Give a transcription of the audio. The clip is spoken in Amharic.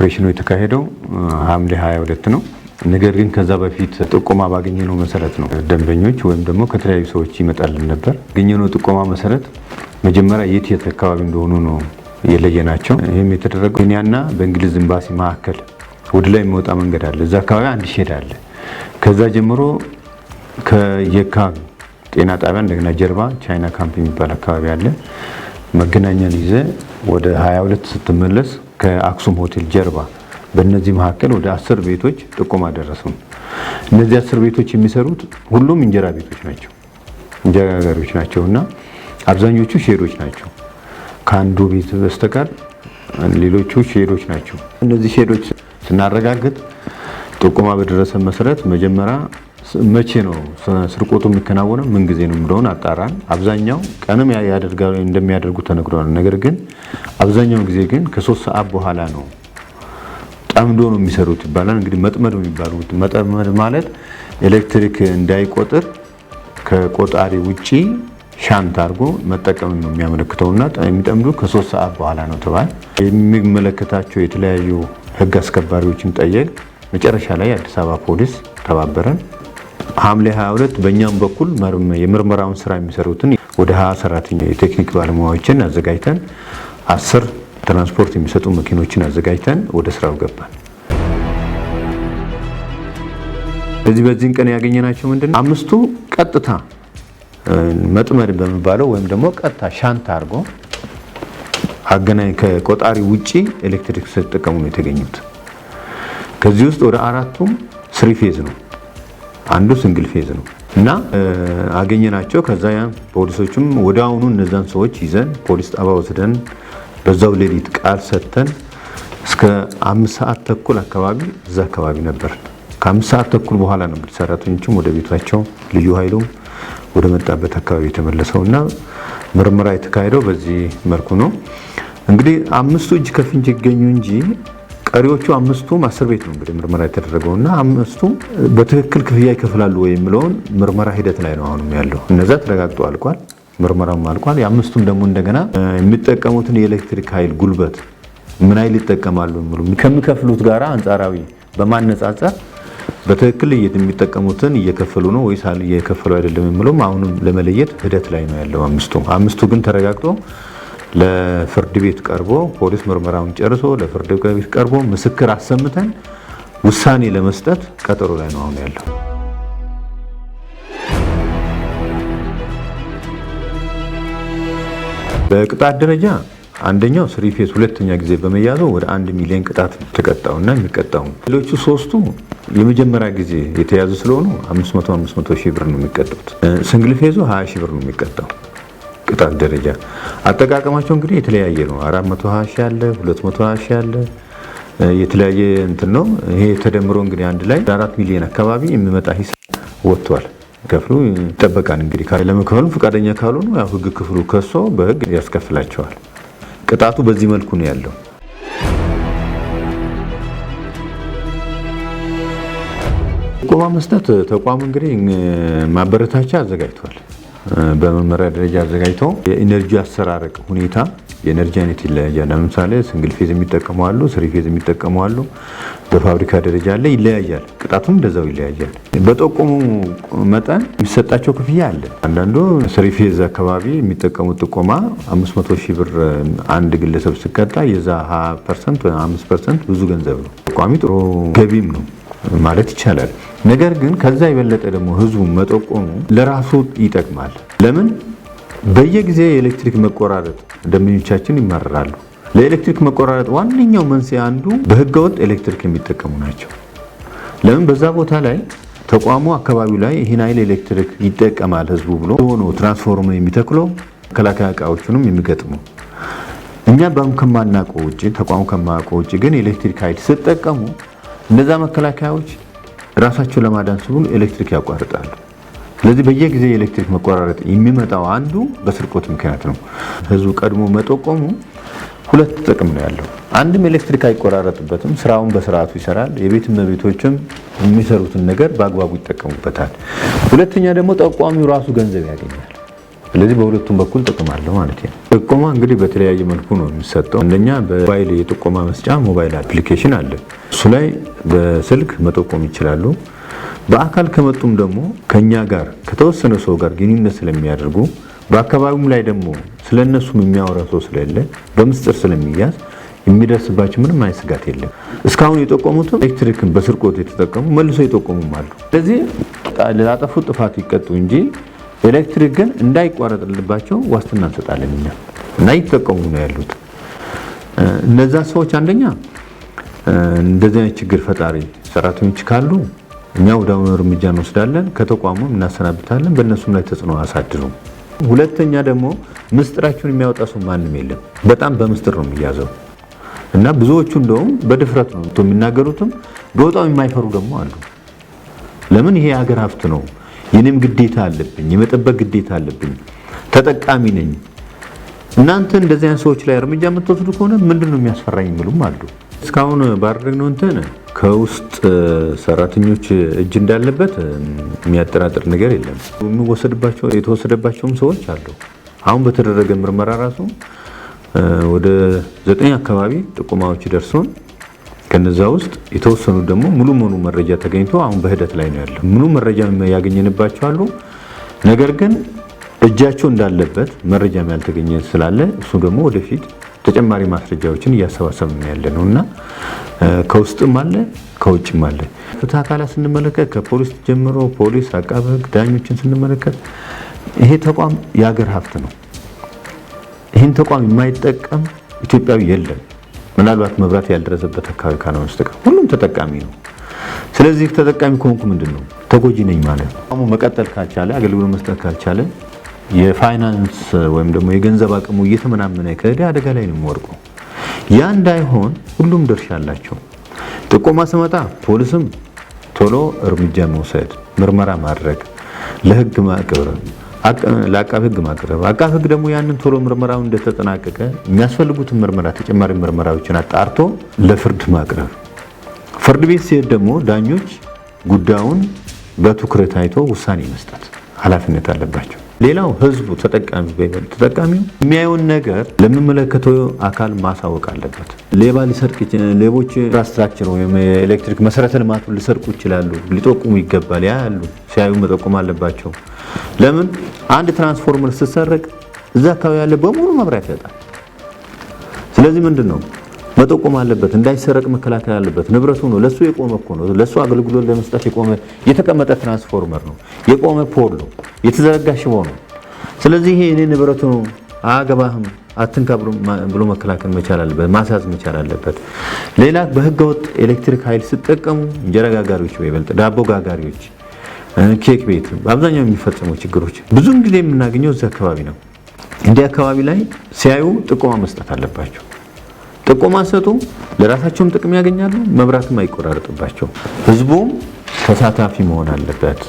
ኦፕሬሽኑ የተካሄደው ሐምሌ 22 ነው። ነገር ግን ከዛ በፊት ጥቆማ ባገኘነው መሰረት ነው ደንበኞች ወይም ደግሞ ከተለያዩ ሰዎች ይመጣልን ነበር። ያገኘነው ጥቆማ መሰረት መጀመሪያ የት የት አካባቢ እንደሆኑ ነው የለየናቸው። ይህም የተደረገው ኬንያና በእንግሊዝ ኤምባሲ መካከል ወደ ላይ የሚወጣ መንገድ አለ። እዛ አካባቢ አንድ ሼድ አለ። ከዛ ጀምሮ ከየካ ጤና ጣቢያ እንደገና ጀርባ ቻይና ካምፕ የሚባል አካባቢ አለ። መገናኛን ይዘ ወደ 22 ስትመለስ ከአክሱም ሆቴል ጀርባ በእነዚህ መካከል ወደ አስር ቤቶች ጥቆማ ደረሱን። እነዚህ አስር ቤቶች የሚሰሩት ሁሉም እንጀራ ቤቶች ናቸው፣ እንጀራ ጋጋሪዎች ናቸው እና አብዛኞቹ ሼዶች ናቸው። ከአንዱ ቤት በስተቀር ሌሎቹ ሼዶች ናቸው። እነዚህ ሼዶች ስናረጋግጥ ጥቆማ በደረሰ መሰረት መጀመሪያ መቼ ነው ስርቆቱ የሚከናወነው፣ ምን ጊዜ ነው እንደሆነ አጣራን። አብዛኛው ቀንም ያደርጋሉ እንደሚያደርጉ ተነግሯል። ነገር ግን አብዛኛውን ጊዜ ግን ከሶስት ሰዓት በኋላ ነው ጠምዶ ነው የሚሰሩት ይባላል። እንግዲህ መጥመድ የሚባሉት መጠመድ ማለት ኤሌክትሪክ እንዳይቆጥር ከቆጣሪ ውጪ ሻንት አድርጎ መጠቀም ነው የሚያመለክተውና የሚጠምዱ ከሶስት ሰዓት በኋላ ነው ተባል። የሚመለከታቸው የተለያዩ ህግ አስከባሪዎችን ጠየቅ። መጨረሻ ላይ አዲስ አበባ ፖሊስ ተባበረን። ሐምሌ 22 በእኛም በኩል የምርመራውን ስራ የሚሰሩትን ወደ 20 ሰራተኛ የቴክኒክ ባለሙያዎችን አዘጋጅተን አስር ትራንስፖርት የሚሰጡ መኪኖችን አዘጋጅተን ወደ ስራው ገባን። በዚህ በዚህን ቀን ያገኘናቸው ምንድን ነው? አምስቱ ቀጥታ መጥመድ በሚባለው ወይም ደግሞ ቀጥታ ሻንታ አድርጎ አገናኝ ከቆጣሪ ውጪ ኤሌክትሪክ ሲጠቀሙ ነው የተገኙት። ከዚህ ውስጥ ወደ አራቱም ስሪ ፌዝ ነው። አንዱ ሲንግል ፌዝ ነው እና አገኘናቸው። ከዛ ፖሊሶችም ወደ አሁኑ እነዛን ሰዎች ይዘን ፖሊስ ጣባ ወስደን በዛው ሌሊት ቃል ሰጥተን እስከ አምስት ሰዓት ተኩል አካባቢ እዛ አካባቢ ነበር። ከአምስት ሰዓት ተኩል በኋላ ነው እንግዲህ ሰራተኞችም ወደ ቤቷቸው ልዩ ኃይሉም ወደ መጣበት አካባቢ የተመለሰው እና ምርመራ የተካሄደው በዚህ መልኩ ነው። እንግዲህ አምስቱ እጅ ከፍንጅ ይገኙ እንጂ ቀሪዎቹ አምስቱም አስር ቤት ነው እንግዲህ ምርመራ የተደረገው እና አምስቱም በትክክል ክፍያ ይከፍላሉ ወይ የሚለውን ምርመራ ሂደት ላይ ነው አሁንም ያለው። እነዛ ተረጋግጦ አልቋል፣ ምርመራም አልቋል። የአምስቱም ደግሞ እንደገና የሚጠቀሙትን የኤሌክትሪክ ኃይል ጉልበት ምን ኃይል ይጠቀማሉ የሚሉ ከሚከፍሉት ጋራ አንጻራዊ በማነጻጸር በትክክል የሚጠቀሙትን እየከፈሉ ነው ወይስ እየከፈሉ አይደለም የሚለውም አሁንም ለመለየት ሂደት ላይ ነው ያለው። አምስቱ አምስቱ ግን ተረጋግጦ ለፍርድ ቤት ቀርቦ ፖሊስ ምርመራውን ጨርሶ ለፍርድ ቤት ቀርቦ ምስክር አሰምተን ውሳኔ ለመስጠት ቀጠሮ ላይ ነው አሁን ያለው። በቅጣት ደረጃ አንደኛው ስሪ ፌስ ሁለተኛ ጊዜ በመያዙ ወደ አንድ ሚሊዮን ቅጣት ተቀጣውና የሚቀጣው ሌሎቹ ሶስቱ የመጀመሪያ ጊዜ የተያዙ ስለሆኑ 500 500 ሺህ ብር ነው የሚቀጡት። ስንግል ፌዙ 20 ሺህ ብር ነው የሚቀጣው። ቅጣት ደረጃ አጠቃቀማቸው እንግዲህ የተለያየ ነው። 420 ሺ አለ፣ 220 ሺ አለ፣ የተለያየ እንትን ነው። ይሄ ተደምሮ እንግዲህ አንድ ላይ አራት ሚሊዮን አካባቢ የሚመጣ ሂሳብ ወጥቷል። ከፍሉ ይጠበቃል። እንግዲህ ለመክፈሉም ፈቃደኛ ካልሆኑ ያው ህግ ክፍሉ ከሶ በህግ ያስከፍላቸዋል። ቅጣቱ በዚህ መልኩ ነው ያለው። ጥቆማ መስጠት ተቋም እንግዲህ ማበረታቻ አዘጋጅቷል። በመመሪያ ደረጃ አዘጋጅቶ የኢነርጂ አሰራረቅ ሁኔታ የኤነርጂ አይነት ይለያያል። ለምሳሌ ስንግል ፌዝ የሚጠቀሙ አሉ፣ ስሪ ፌዝ የሚጠቀሙ አሉ። በፋብሪካ ደረጃ አለ፣ ይለያያል። ቅጣቱም እንደዛው ይለያያል። በጠቆሙ መጠን የሚሰጣቸው ክፍያ አለ። አንዳንዱ ስሪ ፌዝ አካባቢ የሚጠቀሙት ጥቆማ 500 ሺህ ብር አንድ ግለሰብ ሲቀጣ የዛ 20 ፐርሰንት ወይ 5 ፐርሰንት ብዙ ገንዘብ ነው። ጠቋሚ ጥሩ ገቢም ነው። ማለት ይቻላል። ነገር ግን ከዛ የበለጠ ደግሞ ህዝቡ መጠቆሙ ለራሱ ይጠቅማል። ለምን በየጊዜ የኤሌክትሪክ መቆራረጥ ደንበኞቻችን ይማረራሉ። ለኤሌክትሪክ መቆራረጥ ዋነኛው መንስኤ አንዱ በህገወጥ ኤሌክትሪክ የሚጠቀሙ ናቸው። ለምን በዛ ቦታ ላይ ተቋሙ አካባቢው ላይ ይህን ኃይል ኤሌክትሪክ ይጠቀማል ህዝቡ ብሎ ሆኖ ትራንስፎርመር የሚተክለው መከላከያ እቃዎቹንም የሚገጥሙ እኛ ባሁን ከማናውቀው ውጭ ተቋሙ ከማያውቀው ውጭ ግን ኤሌክትሪክ ኃይል ስጠቀሙ እነዛ መከላከያዎች ራሳቸው ለማዳን ሲሉ ኤሌክትሪክ ያቋርጣሉ። ስለዚህ በየጊዜ የኤሌክትሪክ መቆራረጥ የሚመጣው አንዱ በስርቆት ምክንያት ነው። ህዝቡ ቀድሞ መጠቆሙ ሁለት ጥቅም ነው ያለው። አንድም ኤሌክትሪክ አይቆራረጥበትም፣ ስራውን በስርዓቱ ይሰራል። የቤት እመቤቶችም የሚሰሩትን ነገር በአግባቡ ይጠቀሙበታል። ሁለተኛ ደግሞ ጠቋሚው ራሱ ገንዘብ ያገኛል። ስለዚህ በሁለቱም በኩል ጥቅም አለው ማለት ነው። ጥቆማ እንግዲህ በተለያየ መልኩ ነው የሚሰጠው። አንደኛ በሞባይል የጥቆማ መስጫ ሞባይል አፕሊኬሽን አለ። እሱ ላይ በስልክ መጠቆም ይችላሉ። በአካል ከመጡም ደግሞ ከኛ ጋር ከተወሰነ ሰው ጋር ግንኙነት ስለሚያደርጉ በአካባቢውም ላይ ደግሞ ስለ እነሱም የሚያወራ ሰው ስለሌለ በምስጢር ስለሚያዝ የሚደርስባቸው ምንም አይነት ስጋት የለም። እስካሁን የጠቆሙትም ኤሌክትሪክን በስርቆት የተጠቀሙ መልሶ የጠቆሙም አሉ። ስለዚህ ላጠፉት ጥፋት ይቀጡ እንጂ ኤሌክትሪክ ግን እንዳይቋረጥልባቸው ዋስትና እንሰጣለን እኛ እና ይጠቀሙ ነው ያሉት እነዛ ሰዎች አንደኛ እንደዚህ አይነት ችግር ፈጣሪ ሰራተኞች ካሉ እኛ ወደ አሁኑ እርምጃ እንወስዳለን፣ ከተቋሙም እናሰናብታለን። በእነሱም ላይ ተጽዕኖ አሳድሩም። ሁለተኛ ደግሞ ምስጢራችሁን የሚያወጣ ሰው ማንም የለም። በጣም በምስጢር ነው የሚያዘው እና ብዙዎቹ እንደውም በድፍረት ነው የሚናገሩትም፣ በወጣው የማይፈሩ ደግሞ አሉ። ለምን ይሄ የሀገር ሀብት ነው፣ የኔም ግዴታ አለብኝ፣ የመጠበቅ ግዴታ አለብኝ፣ ተጠቃሚ ነኝ። እናንተ እንደዚህ አይነት ሰዎች ላይ እርምጃ የምትወስዱ ከሆነ ምንድን ነው የሚያስፈራኝ የሚሉም አሉ። እስካሁን ባደረግነው እንትን ከውስጥ ሰራተኞች እጅ እንዳለበት የሚያጠራጥር ነገር የለም። የሚወሰድባቸው የተወሰደባቸውም ሰዎች አሉ። አሁን በተደረገ ምርመራ ራሱ ወደ ዘጠኝ አካባቢ ጥቁማዎች ደርሶን ከነዛ ውስጥ የተወሰኑ ደግሞ ሙሉ ሙሉ መረጃ ተገኝቶ አሁን በሂደት ላይ ነው ያለው። ሙሉ መረጃ ያገኘንባቸው አሉ። ነገር ግን እጃቸው እንዳለበት መረጃም ያልተገኘ ስላለ እሱ ደግሞ ወደፊት ተጨማሪ ማስረጃዎችን እያሰባሰብን ያለ ነው እና ከውስጥም አለ ከውጭም አለ። ፍትህ አካላት ስንመለከት ከፖሊስ ጀምሮ ፖሊስ፣ አቃቤ ዳኞችን ስንመለከት ይሄ ተቋም የሀገር ሀብት ነው። ይህን ተቋም የማይጠቀም ኢትዮጵያዊ የለም። ምናልባት መብራት ያልደረሰበት አካባቢ ካልሆነ በስተቀር ሁሉም ተጠቃሚ ነው። ስለዚህ ተጠቃሚ ከሆንኩ ምንድን ነው ተጎጂ ነኝ ማለት ነው። መቀጠል ካልቻለ አገልግሎት መስጠት ካልቻለ የፋይናንስ ወይም ደግሞ የገንዘብ አቅሙ እየተመናመነ ከሄደ አደጋ ላይ ነው የሚወርቀው። ያ እንዳይሆን ሁሉም ድርሻ አላቸው። ጥቆማ ስመጣ ፖሊስም ቶሎ እርምጃ መውሰድ፣ ምርመራ ማድረግ፣ ለህግ ማቅረብ፣ ለአቃቢ ህግ ማቅረብ፣ አቃፍ ህግ ደግሞ ያንን ቶሎ ምርመራው እንደተጠናቀቀ የሚያስፈልጉትን ምርመራ ተጨማሪ ምርመራዎችን አጣርቶ ለፍርድ ማቅረብ፣ ፍርድ ቤት ሲሄድ ደግሞ ዳኞች ጉዳዩን በትኩረት አይቶ ውሳኔ መስጠት ኃላፊነት አለባቸው። ሌላው ህዝቡ ተጠቃሚ በይበል ተጠቃሚው የሚያየውን ነገር ለሚመለከተው አካል ማሳወቅ አለበት። ሌባ ሊሰርቅ ሌቦች ኢንፍራስትራክቸር ወይም የኤሌክትሪክ መሰረተ ልማቱ ሊሰርቁ ይችላሉ። ሊጠቁሙ ይገባል። ያ ያሉ ሲያዩ መጠቆም አለባቸው። ለምን አንድ ትራንስፎርመር ስትሰረቅ እዛ አካባቢ ያለ በሙሉ መብራት ያጣል። ስለዚህ ምንድን ነው መጠቆም አለበት። እንዳይሰረቅ መከላከል አለበት። ንብረቱ ነው፣ ለሱ የቆመ እኮ ነው። ለሱ አገልግሎት ለመስጠት የቆመ የተቀመጠ ትራንስፎርመር ነው፣ የቆመ ፖል ነው፣ የተዘረጋ ሽቦ ነው። ስለዚህ ይሄ እኔ ንብረቱ ነው፣ አያገባህም፣ አትንካ ብሎ መከላከል መቻል አለበት፣ ማሳዝ መቻል አለበት። ሌላ በህገወጥ ኤሌክትሪክ ኃይል ሲጠቀሙ እንጀራ ጋጋሪዎች፣ በይበልጥ ዳቦ ጋጋሪዎች፣ ኬክ ቤት በአብዛኛው የሚፈጸሙ ችግሮች ብዙን ጊዜ የምናገኘው እዚህ አካባቢ ነው። እንዲህ አካባቢ ላይ ሲያዩ ጥቆማ መስጠት አለባቸው። ጥቆማ ሰጡ፣ ለራሳቸውም ጥቅም ያገኛሉ፣ መብራትም አይቆራርጥባቸው። ህዝቡም ተሳታፊ መሆን አለበት።